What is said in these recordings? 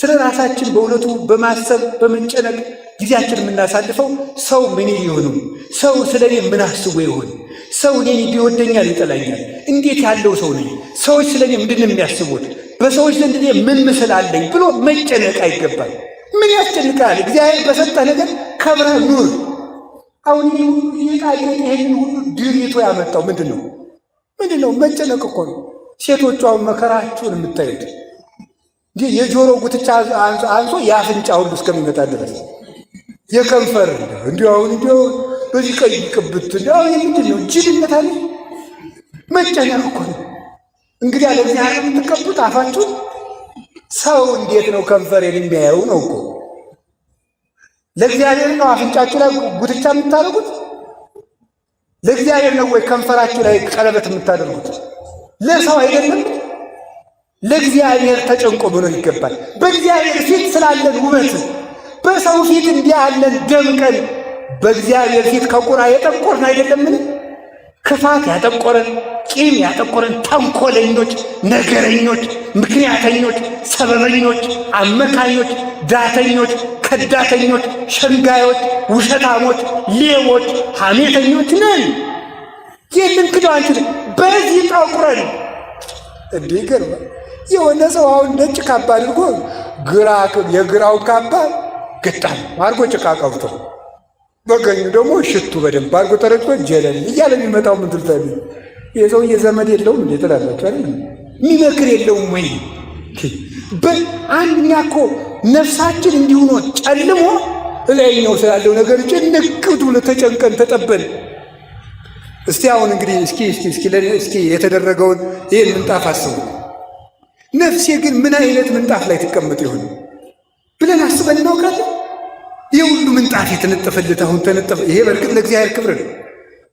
ስለ ራሳችን በእውነቱ በማሰብ በመጨነቅ ጊዜያችን የምናሳልፈው ሰው ምን ይሆኑ፣ ሰው ስለ እኔ ምን አስቦ ይሆን፣ ሰው እኔን ቢወደኛል ይጠላኛል፣ እንዴት ያለው ሰው ነኝ፣ ሰዎች ስለ እኔ ምንድን የሚያስቡት፣ በሰዎች ዘንድ እኔ ምን ምስል አለኝ ብሎ መጨነቅ አይገባል። ምን ያስጨንቃል? እግዚአብሔር በሰጠ ነገር ከብረህ ኑር። አሁን ይቃቄ ሁሉ ድሪቶ ያመጣው ምንድን ነው? ምንድን ነው? መጨነቅ እኮ ነው። ሴቶቿ መከራችሁን የምታዩት የጆሮ ጉትቻ አንሶ የአፍንጫ ሁሉ እስከሚመጣ ድረስ የከንፈር እንዲሁ አሁን እንዲሁ በዚህ ቀይ ቅብት አሁን ምንድን ነው? ጅልነት አለ መጨነቅ እኮ ነው። እንግዲህ አለ የምትቀቡት አፋችሁን ሰው እንዴት ነው ከንፈሬን የሚያየው ነው እኮ ለእግዚአብሔር ነው አፍንጫችሁ ላይ ጉትቻ የምታደርጉት? ለእግዚአብሔር ነው ወይ ከንፈራችሁ ላይ ቀለበት የምታደርጉት? ለሰው አይደለም። ለእግዚአብሔር ተጨንቆ መኖር ይገባል። በእግዚአብሔር ፊት ስላለን ውበት በሰው ፊት እንዲህ ያለን ደምቀን በእግዚአብሔር ፊት ከቁራ የጠቆርን አይደለምን? ክፋት ያጠቆረን፣ ቂም ያጠቆረን፣ ተንኮለኞች፣ ነገረኞች፣ ምክንያተኞች፣ ሰበበኞች፣ አመካኞች፣ ዳተኞች፣ ከዳተኞች፣ ሸንጋዮች፣ ውሸታሞች፣ ሌቦች፣ ሐሜተኞች ነን። ይህንን ክዶ አንችል በዚህ ጠቁረን እንዲህ ይገርማል። የሆነ ሰው አሁን ነጭ ካባ አድርጎ ግራ የግራው ካባ ግጣም አድርጎ ጭቃ ቀብቶ በገኙ ደግሞ ሽቱ በደንብ አድርጎ ተረጭቶ ጀለል እያለ የሚመጣው ምንትል ተ የሰውዬ ዘመድ የለውም እንዴ ትላላችሁ አይደል? የሚመክር የለውም ወይ? በአንድ እኮ ነፍሳችን እንዲሁኖ ጨልሞ እላይኛው ስላለው ነገር ጭንቅ ብሎ ተጨንቀን ተጠበን። እስቲ አሁን እንግዲህ እስኪ እስኪ እስኪ የተደረገውን ይህን ምንጣፍ አስቡ። ነፍሴ ግን ምን አይነት ምንጣፍ ላይ ትቀመጥ ይሆን ብለን አስበን እናውቃለን? ይህ ሁሉ ምንጣፍ የተነጠፈለት አሁን ተነጠፈ። ይሄ በእርግጥ ለእግዚአብሔር ክብር ነው፣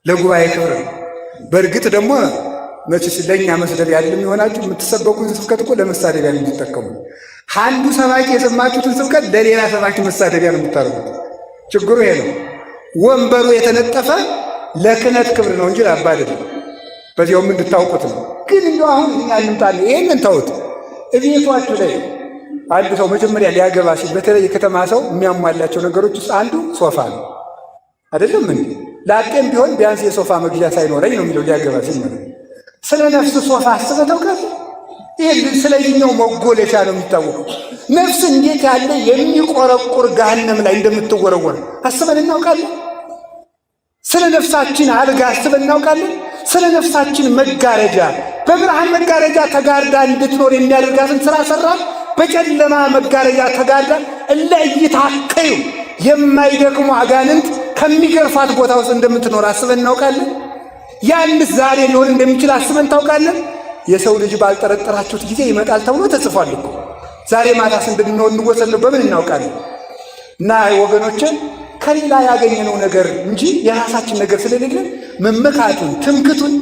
ለጉባኤ ክብር ነው። በእርግጥ ደግሞ መችስ ለእኛ መስደብ ያለም የሆናችሁ የምትሰበኩትን ስብከት እኮ ለመሳደቢያ ነው የምትጠቀሙ። አንዱ ሰባኪ የሰማችሁትን ስብከት ለሌላ ሰባኪ መሳደቢያ ነው የምታደርጉት። ችግሩ ይሄ ነው። ወንበሩ የተነጠፈ ለክህነት ክብር ነው እንጂ ለአባ አይደለም። በዚያውም እንድታውቁት ነው። ግን እንደ አሁን እኛ እንምጣ፣ ይሄን እቤቷችሁ ላይ አንድ ሰው መጀመሪያ ሊያገባ ሲል በተለይ የከተማ ሰው የሚያሟላቸው ነገሮች ውስጥ አንዱ ሶፋ ነው። አይደለም እንዴ? ላጤም ቢሆን ቢያንስ የሶፋ መግዣ ሳይኖረኝ ነው የሚለው ሊያገባ ሲል ነው። ስለ ነፍስ ሶፋ አስበህ ታውቃለህ? ይህ ስለየኛው መጎለቻ ነው የሚታወቀው። ነፍስ እንዴት ያለ የሚቆረቁር ገሃነም ላይ እንደምትወረወር አስበን እናውቃለን። ስለ ነፍሳችን አልጋ አስበን እናውቃለን። ስለ ነፍሳችን መጋረጃ በብርሃን መጋረጃ ተጋርዳ እንድትኖር የሚያደርጋትን ሥራ ሠራ። በጨለማ መጋረጃ ተጋርዳ እለ እይታከዩ የማይደክሙ አጋንንት ከሚገርፋት ቦታ ውስጥ እንደምትኖር አስበን እናውቃለን። ያንስ ዛሬ ሊሆን እንደሚችል አስበን ታውቃለን። የሰው ልጅ ባልጠረጠራችሁት ጊዜ ይመጣል ተብሎ ተጽፏል እኮ። ዛሬ ማታስ እንድንሆን እንወሰን በምን እናውቃለን? እና ወገኖችን ከሌላ ያገኘነው ነገር እንጂ የራሳችን ነገር ስለሌለን መመካቱን ትምክቱን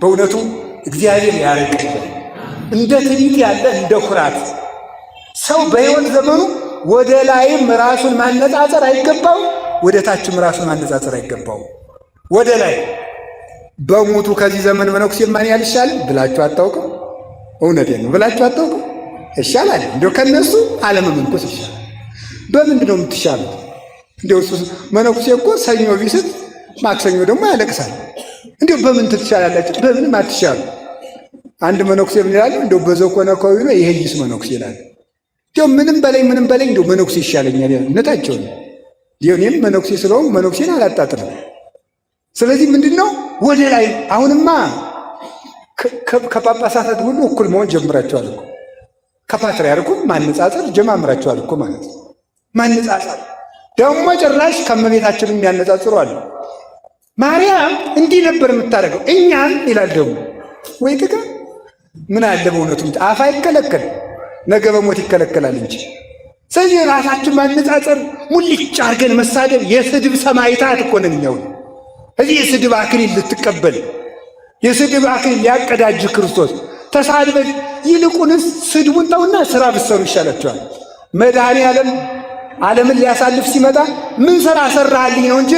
በእውነቱ እግዚአብሔር ያረቅልን። እንደ ትዕቢት ያለ እንደ ኩራት ሰው በሕይወት ዘመኑ ወደ ላይም ራሱን ማነጻጸር አይገባው፣ ወደ ታችም ራሱን ማነጻጸር አይገባው። ወደ ላይ በሙቱ ከዚህ ዘመን መነኩሴ ማን ያልሻል ብላችሁ አታውቅም። እውነቴን ነው ብላችሁ አታውቅም። ይሻላል እንዲ ከነሱ አለመመንኮስ ይሻላል። በምንድን ነው የምትሻሉት? እንዲያው መነኩሴ እኮ ሰኞ ቢስት ማክሰኞ ደግሞ ያለቅሳል። እንዲሁ በምን ትቻላላችሁ? በምንም አትቻሉ። አንድ መነኩሴ ምን ይላል? እንዲሁ በዘኮነ ከዊ ነው ይሄ ይስ መነኩሴ ይላል። እንዲሁ ምንም በላይ ምንም በላይ እንዲሁ መነኩሴ ይሻለኛል። እነታቸው ነው። እኔም መነኩሴ ስለሆንኩ መነኩሴን አላጣጥርም። ስለዚህ ምንድን ነው ወደ ላይ አሁንማ ከጳጳሳታት ሁሉ እኩል መሆን ጀምራቸዋል እኮ ከፓትርያርኩም ማነጻጸር ጀማምራችኋል እኮ ማለት ነው ማነጻጸር ደግሞ ጭራሽ ከመቤታችን የሚያነጻጽሩ አሉ። ማርያም እንዲህ ነበር የምታደርገው እኛም ይላል ደግሞ ወይ ጥቃ ምን አለ በእውነቱ አፍ አይከለከል ነገ በሞት ይከለከላል እንጂ። ስለዚህ ራሳችን ማነጻጸር ሙልጭ አድርገን መሳደብ የስድብ ሰማይታ እኮ ነን እኛው። እዚህ የስድብ አክሊል ልትቀበል የስድብ አክሊል ሊያቀዳጅ ክርስቶስ ተሳድበን፣ ይልቁንስ ስድቡን ተውና ስራ ብትሰሩ ይሻላቸዋል። መድኃኔ ዓለም ዓለምን ሊያሳልፍ ሲመጣ ምን ሥራ ሰራሃልኝ ነው እንጂ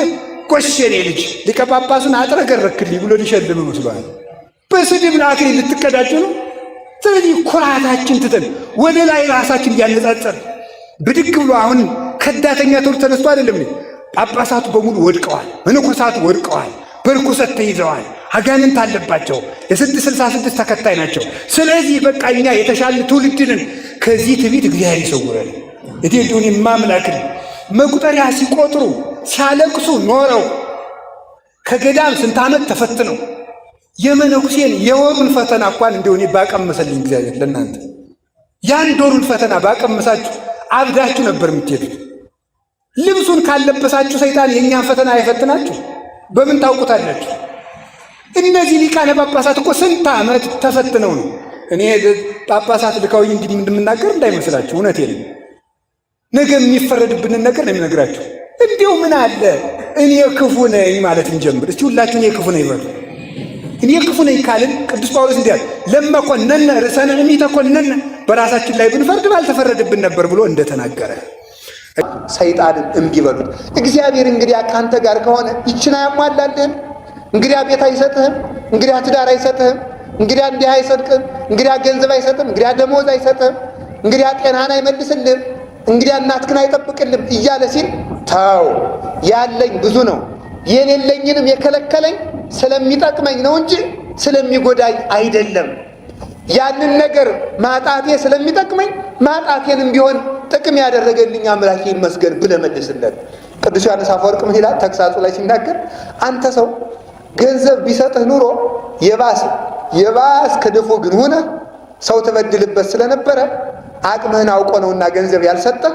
ቆሸኔ ልጅ ሊቀ ጳጳሱን አጥረገረክልኝ ብሎ ሊሸልም መስሏል። በስድብ ለአክሊል ልትቀዳጁ ነው። ስለዚህ ኩራታችን ትተን ወደ ላይ ራሳችን እያነጻጸር ብድግ ብሎ አሁን ከዳተኛ ትውልድ ተነስቶ አይደለም። ጳጳሳቱ በሙሉ ወድቀዋል። መነኮሳቱ ወድቀዋል። በርኩሰት ተይዘዋል። አጋንንት አለባቸው። የስድስት ስልሳ ስድስት ተከታይ ናቸው። ስለዚህ በቃ እኛ የተሻለ ትውልድንን ከዚህ ትቢት እግዚአብሔር ይሰውረን። የቴዲውን ማምላክን መቁጠሪያ ሲቆጥሩ ሲያለቅሱ ኖረው ከገዳም ስንት ዓመት ተፈትነው የመነኩሴን የወሩን ፈተና እንኳን እንዲሆን ባቀመሰልኝ እግዚአብሔር ለእናንተ ያን ዶሩን ፈተና ባቀመሳችሁ አብዳችሁ ነበር የምትሄዱት። ልብሱን ካለበሳችሁ ሰይጣን የእኛን ፈተና አይፈትናችሁ በምን ታውቁታላችሁ? እነዚህ ሊቃነ ጳጳሳት እኮ ስንት ዓመት ተፈትነው ነው። እኔ ጳጳሳት ልካውኝ እንዲህ እንደምናገር እንዳይመስላችሁ፣ እውነት ነው። ነገ የሚፈረድብንን ነገር ነው የሚነግራቸው። እንዲሁ ምን አለ እኔ ክፉ ነኝ ማለት እንጀምር እስቲ። ሁላችሁ እኔ ክፉ ነኝ ይበሉ። እኔ ክፉ ነኝ ካልን ቅዱስ ጳውሎስ እንዲያል ለመኮነነ ርዕሰነ እሚተኮነነ በራሳችን ላይ ብንፈርድ ባልተፈረድብን ነበር ብሎ እንደተናገረ ሰይጣንን እምቢ በሉት። እግዚአብሔር እንግዲያ ከአንተ ጋር ከሆነ ይችን አያሟላልህም። እንግዲያ ቤት አይሰጥህም። እንግዲያ ትዳር አይሰጥህም። እንግዲያ እንዲህ አይሰጥቅም። እንግዲያ ገንዘብ አይሰጥም። እንግዲያ ደሞዝ አይሰጥህም። እንግዲያ ጤናን አይመልስልህም። እንግዲያ እናትህን አይጠብቅልም እያለ ሲል ተው ያለኝ ብዙ ነው የሌለኝንም የከለከለኝ ስለሚጠቅመኝ ነው እንጂ ስለሚጎዳኝ አይደለም። ያንን ነገር ማጣቴ ስለሚጠቅመኝ ማጣቴንም ቢሆን ጥቅም ያደረገልኝ አምላኬ ይመስገን ብለህ መልስለት። ቅዱስ ዮሐንስ አፈወርቅ ምን ይላል ተግሳጹ ላይ ሲናገር፣ አንተ ሰው ገንዘብ ቢሰጥህ ኑሮ የባስ የባስ ከደፎ ግን ሆነ ሰው ትበድልበት ስለነበረ አቅምህን አውቆ ነውና ገንዘብ ያልሰጠህ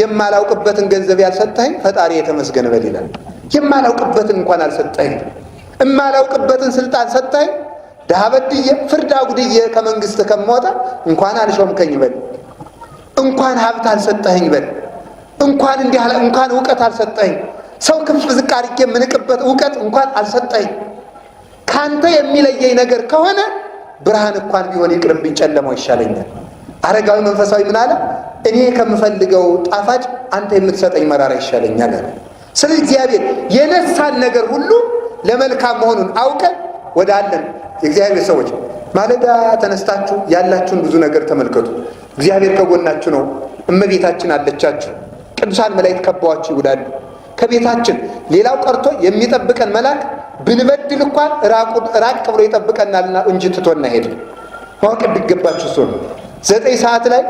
የማላውቅበትን ገንዘብ ያልሰጠኸኝ ፈጣሪ የተመስገን በል ይላል። የማላውቅበትን እንኳን አልሰጠኸኝ፣ እማላውቅበትን ስልጣን ሰጠኝ፣ ድሀ በድዬ ፍርድ አጉድዬ ከመንግስት ከምወጣ እንኳን አልሾምከኝ በል፣ እንኳን ሀብት አልሰጠኸኝ በል፣ እንኳን እንዲህ እንኳን እውቀት አልሰጠኝ፣ ሰው ክፍ ዝቅ አድርጌ የምንቅበት እውቀት እንኳን አልሰጠኝ። ካንተ የሚለየኝ ነገር ከሆነ ብርሃን እንኳን ቢሆን ይቅርብኝ፣ ጨለማው ይሻለኛል። አረጋዊ መንፈሳዊ ምን አለ? እኔ ከምፈልገው ጣፋጭ አንተ የምትሰጠኝ መራራ ይሻለኛል አለ። ስለዚህ እግዚአብሔር የነሳን ነገር ሁሉ ለመልካም መሆኑን አውቀን ወደ አለን የእግዚአብሔር ሰዎች ማለዳ ተነስታችሁ ያላችሁን ብዙ ነገር ተመልከቱ። እግዚአብሔር ከጎናችሁ ነው። እመቤታችን አለቻችሁ። ቅዱሳን መላእክት ከበዋችሁ ይውላሉ። ከቤታችን ሌላው ቀርቶ የሚጠብቀን መልአክ ብንበድል እንኳን ራቅ ብሎ ይጠብቀናልና እንጂ ትቶና ሄድ ማወቅ ቢገባችሁ እሱ ነው። ዘጠኝ ሰዓት ላይ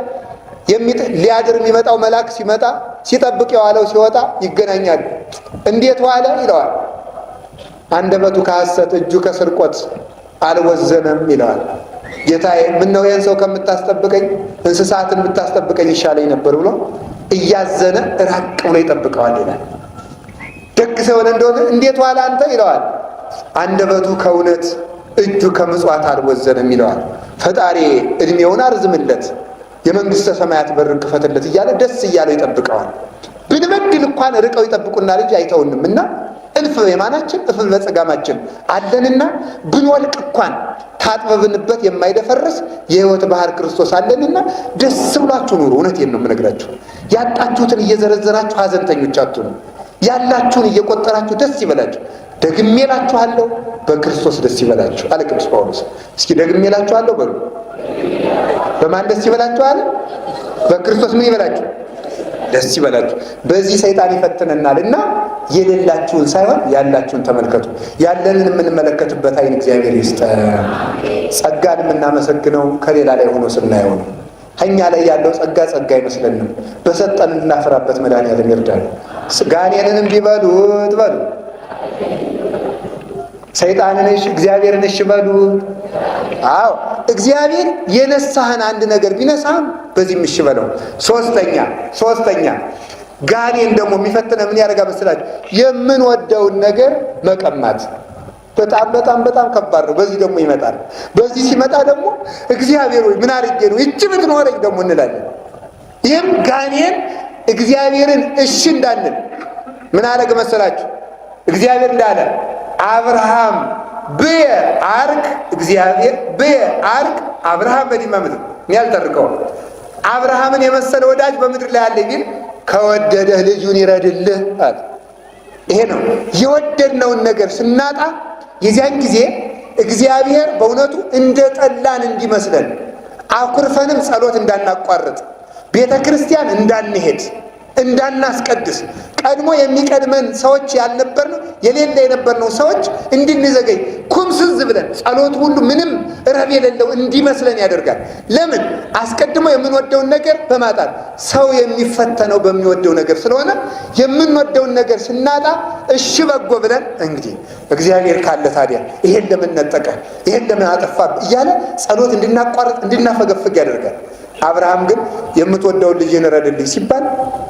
ሊያድር የሚመጣው መልአክ ሲመጣ ሲጠብቅ የዋለው ሲወጣ ይገናኛሉ። እንዴት ዋለ ይለዋል። አንደበቱ ከሐሰት እጁ ከስርቆት አልወዘነም ይለዋል። ጌታዬ ምነው ይህን ሰው ከምታስጠብቀኝ እንስሳትን ብታስጠብቀኝ ይሻለኝ ነበር ብሎ እያዘነ ራቅ ብሎ ይጠብቀዋል ይላል። ደግ ሰው የሆነ እንደሆነ እንዴት ዋለ አንተ ይለዋል። አንደበቱ ከእውነት እጁ ከምጽዋት አልወዘንም ይለዋል። ፈጣሪ እድሜውን አርዝምለት፣ የመንግሥተ ሰማያት በር ክፈትለት እያለ ደስ እያለው ይጠብቀዋል። ብንበድል እንኳን ርቀው ይጠብቁና ልጅ አይተውንም እና እልፍ በየማናችን እልፍ በጸጋማችን አለንና ብንወልቅ እንኳን ታጥበብንበት የማይደፈርስ የሕይወት ባህር ክርስቶስ አለንና ደስ ብሏችሁ ኑሩ። እውነቴን ነው የምነግራችሁ። ያጣችሁትን እየዘረዘራችሁ ሀዘንተኞች አትሁኑ። ያላችሁን እየቆጠራችሁ ደስ ይበላችሁ። ደግሜ እላችኋለሁ በክርስቶስ ደስ ይበላችሁ አለ ቅዱስ ጳውሎስ። እስኪ ደግሜ እላችኋለሁ በሉ። በማን ደስ ይበላችኋል? በክርስቶስ ምን ይበላችሁ? ደስ ይበላችሁ። በዚህ ሰይጣን ይፈትነናል እና የሌላችሁን ሳይሆን ያላችሁን ተመልከቱ። ያለንን የምንመለከትበት አይን እግዚአብሔር ይስጠ። ጸጋን የምናመሰግነው ከሌላ ላይ ሆኖ ስናየው ነው። ከእኛ ላይ ያለው ጸጋ ጸጋ አይመስለንም። በሰጠን እናፈራበት መድኃኒዓለም ይርዳል። ጋኔንንም ቢበሉት በሉ ሰይጣንን እሺ እግዚአብሔርን እሺ በሉ። አዎ እግዚአብሔር የነሳህን አንድ ነገር ቢነሳህም በዚህም እሺ በለው። ሶስተኛ ሶስተኛ ጋኔን ደግሞ የሚፈትነ ምን ያደርጋ መስላችሁ? የምንወደውን ነገር መቀማት በጣም በጣም በጣም ከባድ ነው። በዚህ ደግሞ ይመጣል። በዚህ ሲመጣ ደግሞ እግዚአብሔር ወይ ምን አድርጌ ነው እጅ ብትኖረኝ ደግሞ እንላለን። ይህም ጋኔን እግዚአብሔርን እሺ እንዳንል ምን አደረገ መሰላችሁ? እግዚአብሔር እንዳለ አብርሃም ብየ እግዚአብሔር ብየ አብርሃም በዲማ ምድር ያልጠርቀው አብርሃምን የመሰለ ወዳጅ በምድር ላይ አለ ቢል ከወደደህ ልጁን ይረድልህ አለ። ይሄ ነው የወደድነውን ነገር ስናጣ የዚያን ጊዜ እግዚአብሔር በእውነቱ እንደ ጠላን እንዲመስለን አኩርፈንም ጸሎት እንዳናቋርጥ ቤተ ክርስቲያን እንዳንሄድ እንዳናስቀድስ ቀድሞ የሚቀድመን ሰዎች ያልነበርን የሌለ የነበርነው ሰዎች እንድንዘገይ ኩምስዝ ብለን ጸሎት ሁሉ ምንም ረብ የሌለው እንዲመስለን ያደርጋል። ለምን? አስቀድሞ የምንወደውን ነገር በማጣት ሰው የሚፈተነው በሚወደው ነገር ስለሆነ የምንወደውን ነገር ስናጣ እሺ በጎ ብለን እንግዲህ እግዚአብሔር ካለ ታዲያ ይሄን ለምን ነጠቀ፣ ይሄን ለምን አጠፋ እያለ ጸሎት እንድናቋርጥ እንድናፈገፍግ ያደርጋል። አብርሃም ግን የምትወደውን ልጅህን እረድልኝ ሲባል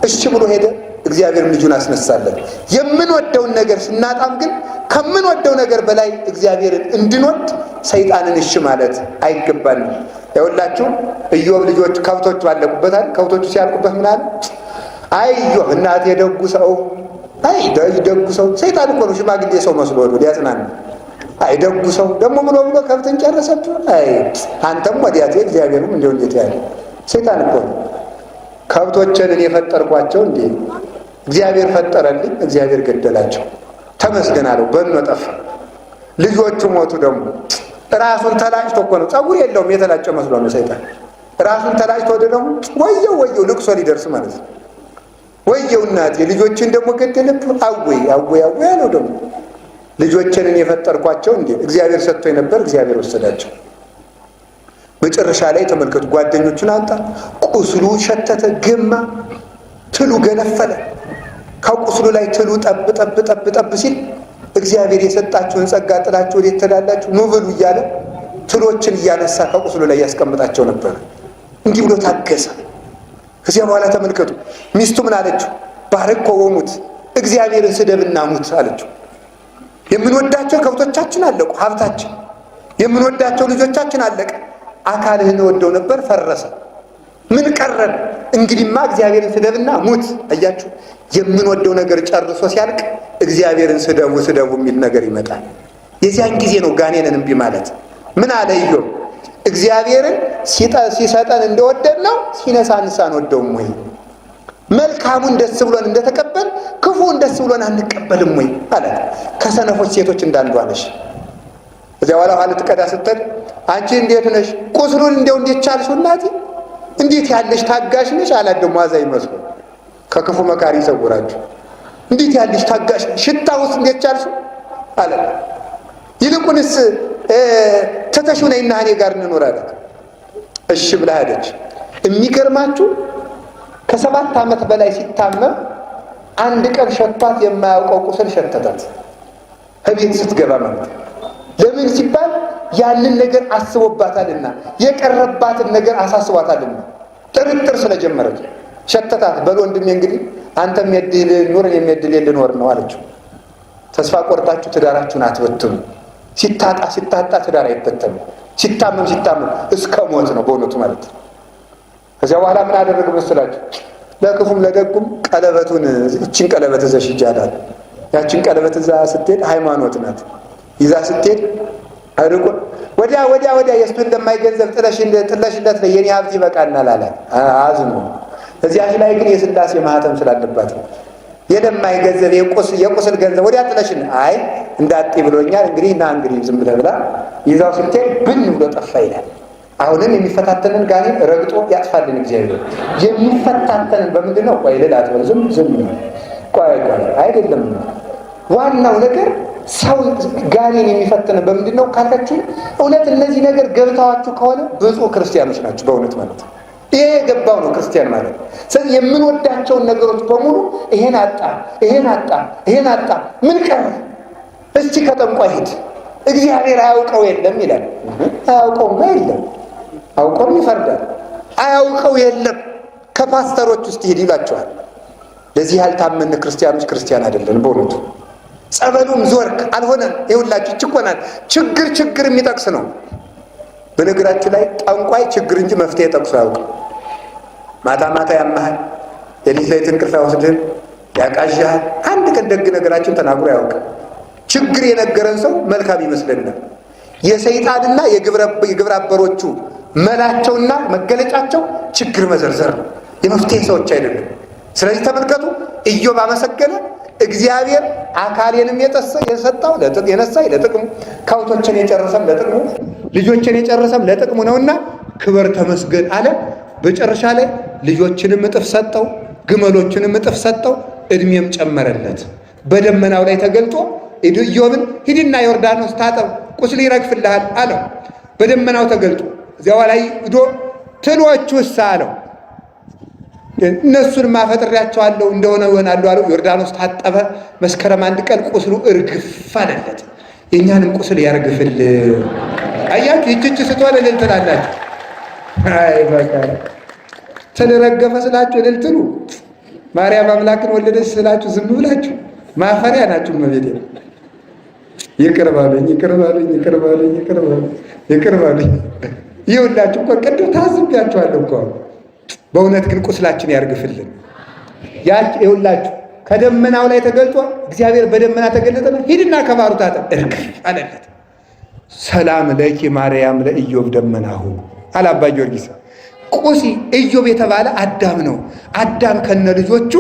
እሺ ብሎ ሄደ። እግዚአብሔርም ልጁን አስነሳለን። የምንወደውን ነገር ስናጣም ግን ከምንወደው ነገር በላይ እግዚአብሔርን እንድንወድ ሰይጣንን እሺ ማለት አይገባንም። ያውላችሁ እዮብ ልጆች ከብቶች ባለቁበታል። ከብቶቹ ሲያልቁበት ምናል አይ እዮብ እናቴ ደጉ ሰው አይ ደጉ ሰው። ሰይጣን እኮ ነው ሽማግሌ ሰው መስሎ ሊያጽናና አይ ደጉ ሰው ደግሞ ብሎ ብሎ ከብትን ጨረሰብህ። አይ አንተም ወዲያት እግዚአብሔርም እንደው እንዴት ያለ ሰይጣን እኮ ነው። ከብቶችን እኔ የፈጠርኳቸው እንዴ እግዚአብሔር ፈጠረልኝ፣ እግዚአብሔር ገደላቸው። ተመስገን አለው በኖ ጠፋ። ልጆቹ ሞቱ። ደግሞ ራሱን ተላጭቶ እኮ ነው ጸጉር የለውም የተላጨ መስሎ ነው ሰይጣን ራሱን ተላጭቶ ወደ ደግሞ ወየው ወየው ልቅሶ ሊደርስ ማለት ነው። ወየው እናቴ ልጆችን ደግሞ ገደለብህ። አወይ አወይ አወይ አለው ደግሞ ልጆችንን የፈጠርኳቸው እንዴ እግዚአብሔር ሰጥቶ የነበር እግዚአብሔር ወሰዳቸው። መጨረሻ ላይ ተመልከቱ፣ ጓደኞቹን አጣ፣ ቁስሉ ሸተተ፣ ግማ፣ ትሉ ገነፈለ። ከቁስሉ ላይ ትሉ ጠብ ጠብ ጠብ ጠብ ሲል እግዚአብሔር የሰጣችሁን ጸጋ ጥላችሁ ወዴት ትሄዳላችሁ? ኑ ብሉ እያለ ትሎችን እያነሳ ከቁስሉ ላይ ያስቀምጣቸው ነበር። እንዲህ ብሎ ታገሰ። ከዚያ በኋላ ተመልከቱ፣ ሚስቱ ምን አለችው? ባርኮ ወሙት፣ እግዚአብሔርን ስደብና ሙት አለችው። የምንወዳቸው ከብቶቻችን አለቁ፣ ሀብታችን የምንወዳቸው ልጆቻችን አለቀ። አካልህን ወደው ነበር ፈረሰ። ምን ቀረን? እንግዲህማ እግዚአብሔርን ስደብና ሙት። እያችሁ የምንወደው ነገር ጨርሶ ሲያልቅ እግዚአብሔርን ስደቡ ስደቡ የሚል ነገር ይመጣል። የዚያን ጊዜ ነው ጋኔንን እምቢ ማለት። ምን አለ ኢዮብ? እግዚአብሔርን ሲሰጠን እንደወደድ ነው ሲነሳንሳን ወደውም ወይ መልካሙን ደስ ብሎን እንደተቀበል ክፉ ደስ ብሎን አንቀበልም ወይ አለ። ከሰነፎች ሴቶች እንዳንዷ ነሽ። እዚያ በኋላ ውሃ ልትቀዳ ስትል አንቺ እንዴት ነሽ? ቁስሉን እንዲያው እንዴት ቻልሽ? እናቴ እንዴት ያለሽ ታጋሽ ነሽ አላት። ደግሞ አዛ ይመስሉ ከክፉ መካሪ ይሰውራችሁ። እንዴት ያለሽ ታጋሽ ውስጥ እንዴት ቻልሽ አለ። ይልቁንስ ትተሽው ነይና እኔ ጋር እንኖር አለ። እሺ ብላ ሄደች። የሚገርማችሁ ከሰባት ዓመት በላይ ሲታመም አንድ ቀን ሸቷት የማያውቀው ቁስል ሸተታት። እቤት ስትገባ ማለት ለምን ሲባል ያንን ነገር አስቦባታልና የቀረባትን ነገር አሳስቧታልና ጥርጥር ስለጀመረች ሸተታት። በል ወንድሜ እንግዲህ አንተ የድል ኑር የሚያድል ልኖር ነው አለችው። ተስፋ ቆርጣችሁ ትዳራችሁን አትበትኑ። ሲታጣ ሲታጣ ትዳር አይበተንም። ሲታመም ሲታመም እስከ ሞት ነው በእውነቱ ማለት ነው። ከዚያ በኋላ ምን አደረገ መሰላችሁ? ለክፉም ለደጉም ቀለበቱን እችን ቀለበት እዘሽ ሂጂ አላት። ያችን ቀለበት እዛ ስትሄድ ሃይማኖት ናት። ይዛ ስትሄድ አድርጎ ወዲያ ወዲያ ወዲያ የእሱ እንደማይገንዘብ ጥለሽለት ነው የኔ ሀብት ይበቃናል አላት። አዝኖ እዚያች ላይ ግን የስላሴ ማህተም ስላለባት ነው የደማይገንዘብ የቁስል ገንዘብ ወዲያ ጥለሽን አይ እንዳጤ ብሎኛል እንግዲህ እና እንግዲህ ዝም ብለህ ብላ ይዛው ስትሄድ ብን ብሎ ጠፋ ይላል። አሁንም የሚፈታተንን ጋኔን ረግጦ ያጥፋልን እግዚአብሔር። የሚፈታተንን በምንድን ነው? ቆይ ልል ነው። ዝም ዝም ቆይ ቆይ አይደለም። ዋናው ነገር ሰው ጋኔን የሚፈትንን በምንድን ነው ካላችሁ፣ እውነት እነዚህ ነገር ገብተዋችሁ ከሆነ ብፁዕ ክርስቲያኖች ናቸው በእውነት ማለት ይሄ የገባው ነው ክርስቲያን ማለት። ስለዚህ የምንወዳቸውን ነገሮች በሙሉ ይሄን አጣ፣ ይሄን አጣ፣ ይሄን አጣ፣ ምን ቀረ? እስቲ ከጠንቋ ሂድ፣ እግዚአብሔር አያውቀው የለም ይላል። አያውቀውማ የለም አውቆም ይፈርዳል፣ አያውቀው የለም ከፓስተሮች ውስጥ ይሄድ ይላቸዋል። ለዚህ ያልታመን ክርስቲያኖች ክርስቲያን አይደለን በእውነቱ። ጸበሉም ዞርክ አልሆነም። ይሁላችሁ ችኮናል። ችግር ችግር የሚጠቅስ ነው። በነገራችሁ ላይ ጠንቋይ ችግር እንጂ መፍትሄ ጠቅሶ አያውቅም። ማታ ማታ ያመሃል፣ የሊት ላይ እንቅልፍ አይወስድህም፣ ያቃዣሃል። አንድ ቀን ደግ ነገራችን ተናግሮ አያውቅም። ችግር የነገረን ሰው መልካም ይመስለናል። የሰይጣንና የግብረ አበሮቹ መላቸውና መገለጫቸው ችግር መዘርዘር ነው። የመፍትሄ ሰዎች አይደሉም። ስለዚህ ተመልከቱ፣ ኢዮብ አመሰገነ። እግዚአብሔር አካሌንም የጠሰ የሰጠው የነሳኝ ለጥቅሙ፣ ከብቶችን የጨረሰም ለጥቅሙ፣ ልጆችን የጨረሰም ለጥቅሙ ነውና ክበር ተመስገን አለ። በጨረሻ ላይ ልጆችንም እጥፍ ሰጠው፣ ግመሎችንም እጥፍ ሰጠው፣ እድሜም ጨመረለት። በደመናው ላይ ተገልጦ ኢዮብን ሂድና ዮርዳኖስ ታጠብ ቁስል ይረግፍልሃል አለው። በደመናው ተገልጦ እዚያው ላይ ዶ ትሎቹ እሳ አለው እነሱን ማፈጥሬያቸዋለሁ እንደሆነ ይሆናሉ አለው። ዮርዳኖስ ታጠበ። መስከረም አንድ ቀን ቁስሉ እርግፍ አለለት። የእኛንም ቁስል ያርግፍል። አያችሁ ይችች ስትሆን እልል ትላላችሁ። አይ ተደረገፈ ስላችሁ እልል ትሉ ማርያም አምላክን ወለደች ስላችሁ ዝም ብላችሁ ማፈሪያ ናችሁ። መቤት ይቅርባሉኝ፣ ይቅርባሉኝ፣ ይቅርባሉኝ፣ ይቅርባሉኝ፣ ይቅር በሉኝ፣ ይቅር በሉኝ፣ ይቅር ይኸውላችሁ እኮ ቅድም ታዝቢያችኋለሁ እኮ። በእውነት ግን ቁስላችን ያርግፍልን። ያች ይኸውላችሁ ከደመናው ላይ ተገልጦ እግዚአብሔር በደመና ተገለጠና ሂድና ከባሩ ታጠብ አለለት። ሰላም ለኪ ማርያም ለኢዮብ ደመናሁ አላባ አባ ጊዮርጊስ። ቁሲ ኢዮብ የተባለ አዳም ነው። አዳም ከነ ልጆቹ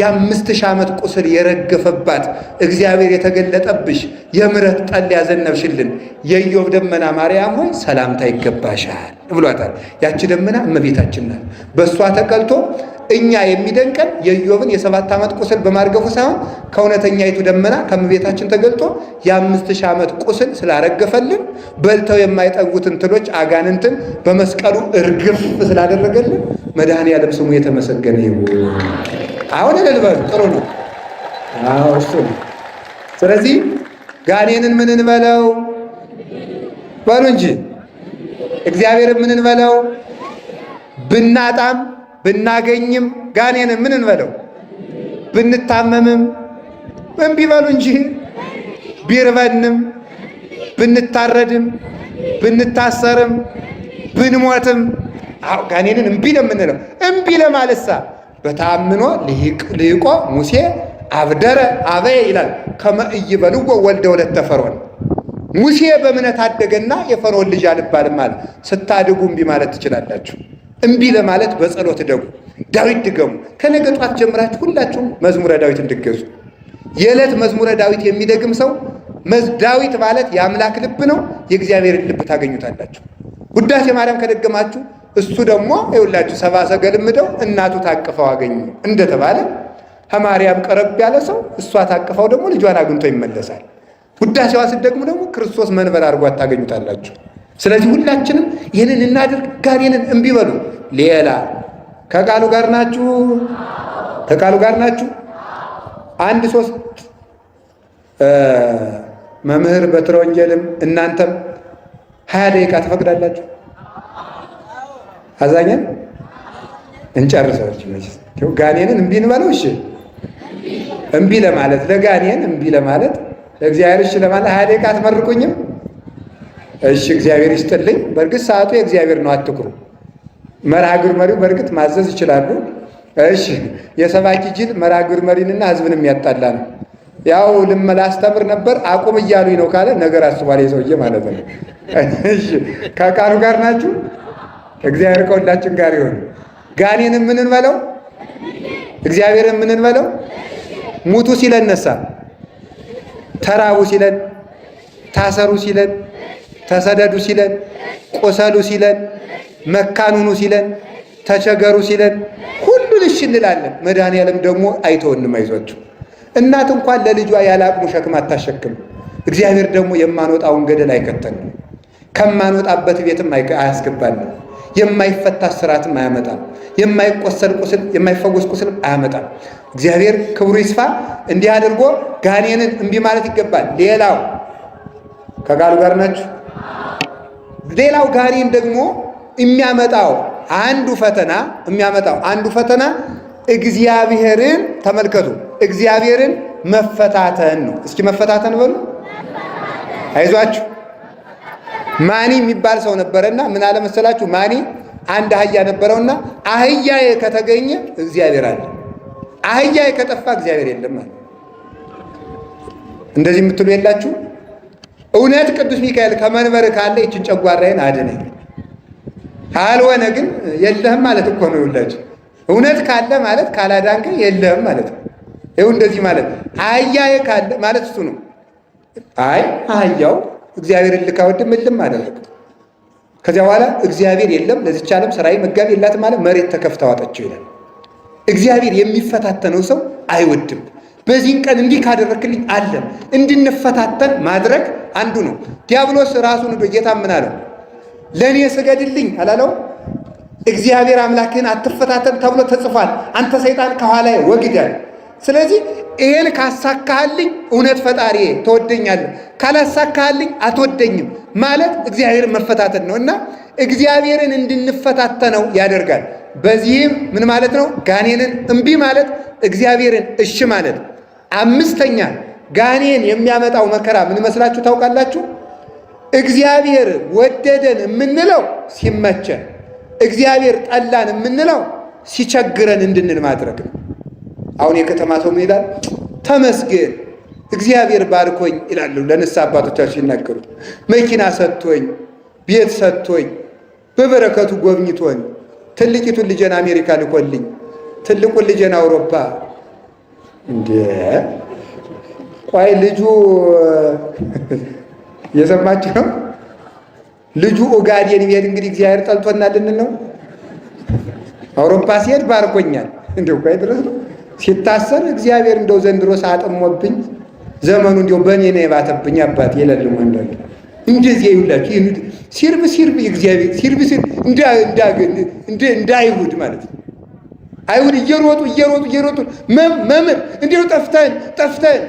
የአምስት ሺህ ዓመት ቁስል የረገፈባት እግዚአብሔር የተገለጠብሽ የምረት ጠል ያዘነብሽልን የኢዮብ ደመና ማርያም ሆይ ሰላምታ ይገባሻል ብሏታል። ያቺ ደመና እመቤታችን ናት። በእሷ ተቀልቶ እኛ የሚደንቀን የኢዮብን የሰባት ዓመት ቁስል በማርገፉ ሳይሆን ከእውነተኛይቱ ደመና ከእመቤታችን ተገልጦ የአምስት ሺህ ዓመት ቁስል ስላረገፈልን በልተው የማይጠጉትን ትሎች አጋንንትን በመስቀሉ እርግፍ ስላደረገልን መድኃኔ ዓለም ስሙ የተመሰገነ ይሁን። አሁን እንልበሉ ጥሩ ነው። አዎ እሱ ነው። ስለዚህ ጋኔንን ምን እንበለው በሉ እንጂ እግዚአብሔርን ምን እንበለው? ብናጣም ብናገኝም ጋኔንን ምን እንበለው? ብንታመምም እምቢ በሉ እንጂ ቢርበንም ብንታረድም ብንታሰርም ብንሞትም አዎ ጋኔንን እምቢ ነው የምንለው። እምቢ ለማለሳ በታምኖ ልሂቆ ሙሴ አብደረ አበየ ይላል ከመ ኢይበልዎ ወልደ ወለተ ፈርዖን ሙሴ በእምነት አደገና የፈርዖን ልጅ አልባልም ማለት ስታድጉ እምቢ ማለት ትችላላችሁ እምቢ ለማለት በጸሎት ደጉ ዳዊት ድገሙ ከነገ ጧት ጀምራችሁ ሁላችሁም መዝሙረ ዳዊት እንድገዙ የዕለት መዝሙረ ዳዊት የሚደግም ሰው ዳዊት ማለት የአምላክ ልብ ነው የእግዚአብሔርን ልብ ታገኙታላችሁ ውዳሴ ማርያም ከደገማችሁ እሱ ደግሞ ይኸውላችሁ ሰባ ምደው እናቱ ታቅፈው አገኙ እንደተባለ ከማርያም ቀረብ ያለ ሰው እሷ ታቅፈው ደግሞ ልጇን አግኝቶ ይመለሳል። ውዳሴዋ ስደግሙ ደግሞ ክርስቶስ መንበር አድርጓት ታገኙታላችሁ። ስለዚህ ሁላችንም ይህንን እናድርግ። ጋሬንን እምቢ በሉ። ሌላ ከቃሉ ጋር ናችሁ፣ ከቃሉ ጋር ናችሁ። አንድ ሶስት መምህር በትረ ወንጀልም እናንተም ሀያ ደቂቃ ትፈቅዳላችሁ? አዛኛን እንጨርሰዎች ጋኔንን እምቢ እንበለው። እሺ እምቢ ለማለት ለጋኔን እምቢ ለማለት ለእግዚአብሔር እሺ ለማለት ሀያ ደቂቃ አትመርቁኝም? እሺ እግዚአብሔር ይስጥልኝ። በእርግጥ ሰዓቱ የእግዚአብሔር ነው፣ አትኩሩ። መርሃ መሪው በእርግጥ ማዘዝ ይችላሉ። እሺ የሰባኪ ጅል መርሃ መሪንና ህዝብን የሚያጣላ ነው። ያው አስተምር ነበር አቁም እያሉኝ ነው ካለ ነገር አስቧል፣ የሰውዬ ማለት ነው። ከቃሉ ጋር ናችሁ እግዚአብሔር ከሁላችን ጋር ይሆን። ጋኔንም ምን እንበለው? እግዚአብሔርን ምን እንበለው? ሙቱ ሲለን ነሳ፣ ተራቡ ሲለን፣ ታሰሩ ሲለን፣ ተሰደዱ ሲለን፣ ቆሰሉ ሲለን፣ መካኑኑ ሲለን፣ ተቸገሩ ሲለን ሁሉን እሺ እንላለን። መድኃኔዓለም ደግሞ አይተውንም። አይዟችሁ እናት እንኳን ለልጇ ያለ አቅሙ ሸክም አታሸክም። እግዚአብሔር ደግሞ የማንወጣውን ገደል አይከተልም፣ ከማንወጣበት ቤትም አያስገባንም። የማይፈታ ስርዓትም አያመጣም። የማይቆሰል ቁስል የማይፈወስ ቁስል አያመጣም። እግዚአብሔር ክብሩ ይስፋ። እንዲህ አድርጎ ጋኔንን እምቢ ማለት ይገባል። ሌላው ከቃሉ ጋር ናችሁ። ሌላው ጋኔን ደግሞ የሚያመጣው አንዱ ፈተና የሚያመጣው አንዱ ፈተና እግዚአብሔርን ተመልከቱ፣ እግዚአብሔርን መፈታተን ነው። እስኪ መፈታተን በሉ አይዟችሁ ማኒ የሚባል ሰው ነበረና ምን አለ መሰላችሁ? ማኒ አንድ አህያ ነበረውና አህያዬ ከተገኘ እግዚአብሔር አለ፣ አህያ ከጠፋ እግዚአብሔር የለም አለ። እንደዚህ የምትሉ የላችሁ? እውነት ቅዱስ ሚካኤል ከመንበር ካለ ይችን ጨጓራዬን አድነኝ፣ ካልሆነ ግን የለህም ማለት እኮ ነው። ይላችሁ እውነት ካለ ማለት ካላዳንከ የለህም ማለት ነው። ይኸው እንደዚህ ማለት አህያ ካለ ማለት እሱ ነው። አይ አህያው እግዚአብሔርን ልካወድም እልም አደረግ። ከዚያ በኋላ እግዚአብሔር የለም ለዚች ዓለም ሰራይ መጋቢ የላትም አለ። መሬት ተከፍታ ዋጠችው ይላል። እግዚአብሔር የሚፈታተነው ሰው አይወድም። በዚህን ቀን እንዲህ ካደረክልኝ አለ። እንድንፈታተን ማድረግ አንዱ ነው። ዲያብሎስ ራሱን በጌታ ምን አለው? ለእኔ ስገድልኝ አላለው? እግዚአብሔር አምላክህን አትፈታተን ተብሎ ተጽፏል። አንተ ሰይጣን ከኋላ ወግዳል ስለዚህ ይሄን ካሳካልኝ እውነት ፈጣሪ ተወደኛል ካላሳካልኝ አትወደኝም ማለት እግዚአብሔርን መፈታተን ነው እና እግዚአብሔርን እንድንፈታተነው ያደርጋል። በዚህም ምን ማለት ነው? ጋኔንን እምቢ ማለት እግዚአብሔርን እሺ ማለት። አምስተኛ ጋኔን የሚያመጣው መከራ ምን መስላችሁ ታውቃላችሁ? እግዚአብሔር ወደደን የምንለው ሲመቸን፣ እግዚአብሔር ጠላን የምንለው ሲቸግረን እንድንል ማድረግ ነው። አሁን የከተማ ሰው ምን ይላል? ተመስገን እግዚአብሔር ባርኮኝ ይላሉ። ለንስሐ አባቶቻችን ይናገሩት። መኪና ሰጥቶኝ፣ ቤት ሰጥቶኝ፣ በበረከቱ ጎብኝቶኝ፣ ትልቂቱን ልጄን አሜሪካ ልኮልኝ፣ ትልቁን ልጄን አውሮፓ እንደ ቆይ ልጁ እየሰማችሁ ነው። ልጁ ኦጋዴን ቢሄድ እንግዲህ እግዚአብሔር ጠልቶና ልንል ነው። አውሮፓ ሲሄድ ባርኮኛል። እንደው ቆይ ድረስ ነው ሲታሰር እግዚአብሔር እንደው ዘንድሮ ሳጥሞብኝ ዘመኑ እንደው በእኔ ነው የባተብኝ አባት የለልም ወንዳል እንደዚህ ይውላችሁ ይህን ሲርብ ሲርብ እግዚአብሔር ሲርብ ሲርብ እንደ እንዳይሁድ ማለት ነው። አይሁድ እየሮጡ እየሮጡ እየሮጡ መምህር እንዲሁ ጠፍተን ጠፍተን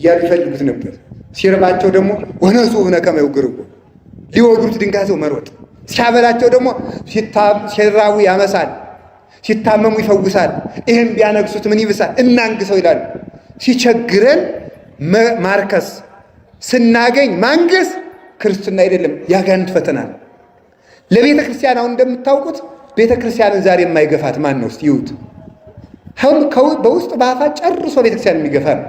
እያሉ ይፈልጉት ነበር። ሲርባቸው ደግሞ ወነሱ ሆነ ከመውግርጎ ሊወግሩት ድንጋዜው መሮጥ ሲያበላቸው ደግሞ ሲራቡ ያመሳል ሲታመሙ ይፈውሳል። ይህም ቢያነግሱት ምን ይብሳል እናንግሰው ይላሉ። ሲቸግረን ማርከስ፣ ስናገኝ ማንገስ ክርስትና አይደለም፣ ያጋንንት ፈተና ነው። ለቤተ ክርስቲያን አሁን እንደምታውቁት ቤተ ክርስቲያንን ዛሬ የማይገፋት ማን ነው? ይዩት። በውስጥ በአፋ ጨርሶ ቤተ ክርስቲያን የሚገፋ ነው።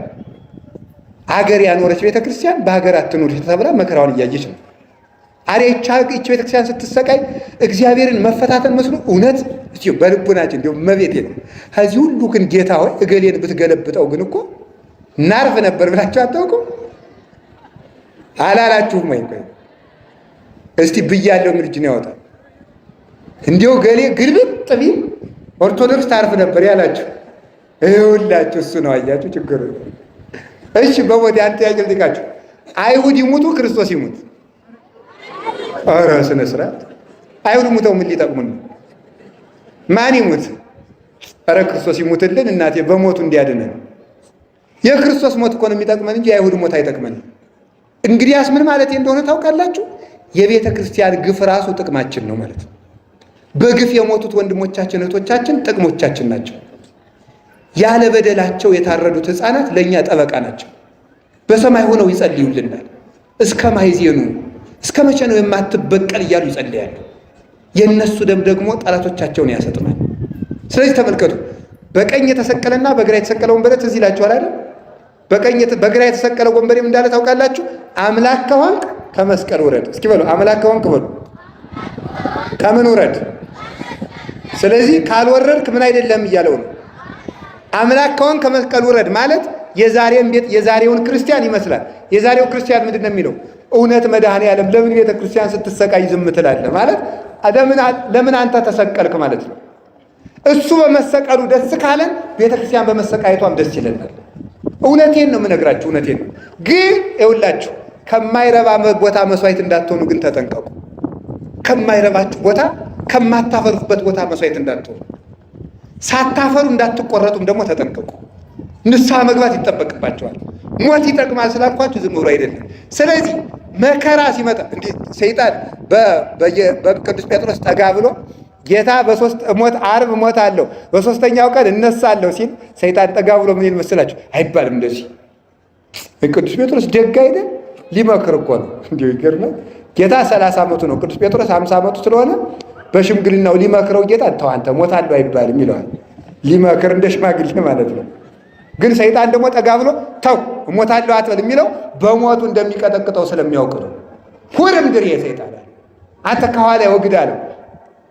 አገር ያኖረች ቤተ ክርስቲያን በሀገር አትኖር ተብላ መከራዋን እያየች ነው። አሬ አሬቻ እቺ ቤተክርስቲያን ስትሰቃይ እግዚአብሔርን መፈታተን መስሎ እውነት እቺ በልቡናችን እንዲሁ መቤቴ ነው። ከዚህ ሁሉ ግን ጌታ ሆይ እገሌን ብትገለብጠው ግን እኮ እናርፍ ነበር ብላችሁ አታውቁም አላላችሁም ወይ? ቆይ እስቲ ብያለሁ የሚል ነው ያወጣ እንዲሁ ገሌ ግልብጥ ቢል ኦርቶዶክስ ታርፍ ነበር ያላችሁ ይኸውላችሁ እሱ ነው። አያችሁ ችግሩ። እሺ በሞት አንተ ጥያቄ ልጠይቃችሁ። አይሁድ ይሙቱ ክርስቶስ ይሙት ኧረ ስነ ስርዓት አይሁድ ሙተው ምን ሊጠቅሙን ማን ይሙት? ኧረ ክርስቶስ ይሙትልን እናቴ በሞቱ እንዲያድነን። የክርስቶስ ሞት እኮ ነው የሚጠቅመን እንጂ የአይሁድ ሞት አይጠቅመንም። እንግዲያስ ምን ማለት እንደሆነ ታውቃላችሁ? የቤተ ክርስቲያን ግፍ ራሱ ጥቅማችን ነው ማለት ነው። በግፍ የሞቱት ወንድሞቻችን እህቶቻችን ጥቅሞቻችን ናቸው። ያለ በደላቸው የታረዱት ህፃናት ለእኛ ጠበቃ ናቸው። በሰማይ ሆነው ይጸልዩልናል እስከ ማይዜኑ እስከ መቼ ነው የማትበቀል እያሉ ይጸልያሉ። የእነሱ ደም ደግሞ ጠላቶቻቸውን ያሰጥማል። ስለዚህ ተመልከቱ፣ በቀኝ የተሰቀለና በግራ የተሰቀለ ወንበዴ ትዝ ይላችኋል አይደል? በግራ የተሰቀለ ወንበዴም እንዳለ ታውቃላችሁ። አምላክ ከሆንክ ከመስቀል ውረድ። እስኪ በሉ አምላክ ከሆንክ በሉ ከምን ውረድ? ስለዚህ ካልወረድክ ምን አይደለም እያለው ነው። አምላክ ከሆንክ ከመስቀል ውረድ ማለት የዛሬውን ክርስቲያን ይመስላል። የዛሬው ክርስቲያን ምንድን ነው የሚለው? እውነት መድኃኔ ዓለም ለምን ቤተ ክርስቲያን ስትሰቃይ ዝም ትላለህ? ማለት ለምን አንተ ተሰቀልክ ማለት ነው። እሱ በመሰቀሉ ደስ ካለን ቤተ ክርስቲያን በመሰቃየቷም ደስ ይለናል። እውነቴን ነው የምነግራችሁ፣ እውነቴን ነው። ግን ይውላችሁ ከማይረባ ቦታ መስዋዕት እንዳትሆኑ ግን ተጠንቀቁ። ከማይረባችሁ ቦታ፣ ከማታፈሩበት ቦታ መስዋዕት እንዳትሆኑ፣ ሳታፈሩ እንዳትቆረጡም ደግሞ ተጠንቀቁ። ንስሐ መግባት ይጠበቅባቸዋል። ሞት ይጠቅማል ስላልኳችሁ ዝም ብሎ አይደለም። ስለዚህ መከራ ሲመጣ እንደ ሰይጣን በቅዱስ ጴጥሮስ ጠጋ ብሎ ጌታ በሶስት ሞት አርብ ሞት አለው በሶስተኛው ቀን እነሳለሁ ሲል ሰይጣን ጠጋ ብሎ ምን ይል መስላችሁ? አይባልም እንደዚህ። ቅዱስ ጴጥሮስ ደግ አይደል? ሊመክር እኮ ነው። እንዲሁ ይገርማል። ጌታ ሰላሳ ዓመቱ ነው ቅዱስ ጴጥሮስ ሀምሳ ዓመቱ ስለሆነ በሽምግልናው ሊመክረው ጌታ ተው አንተ ሞት አለው አይባልም ይለዋል። ሊመክር እንደ ሽማግሌ ማለት ነው። ግን ሰይጣን ደግሞ ጠጋ ብሎ ተው እሞታለሁ አትበል የሚለው በሞቱ እንደሚቀጠቅጠው ስለሚያውቅ ነው። ሁርም ድሬ ሰይጣን አንተ ከኋላ ወግዳ ነው።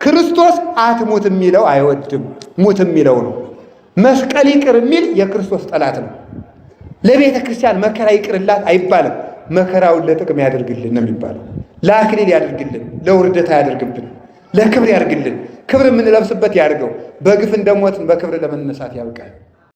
ክርስቶስ አትሙት የሚለው አይወድም፣ ሙት የሚለው ነው። መስቀል ይቅር የሚል የክርስቶስ ጠላት ነው። ለቤተ ክርስቲያን መከራ ይቅርላት አይባልም። መከራውን ለጥቅም ያደርግልን ነው የሚባለው። ለአክሊል ያደርግልን፣ ለውርደታ ያደርግብን፣ ለክብር ያደርግልን። ክብር የምንለብስበት ያድርገው። በግፍ እንደሞትን በክብር ለመነሳት ያብቃል።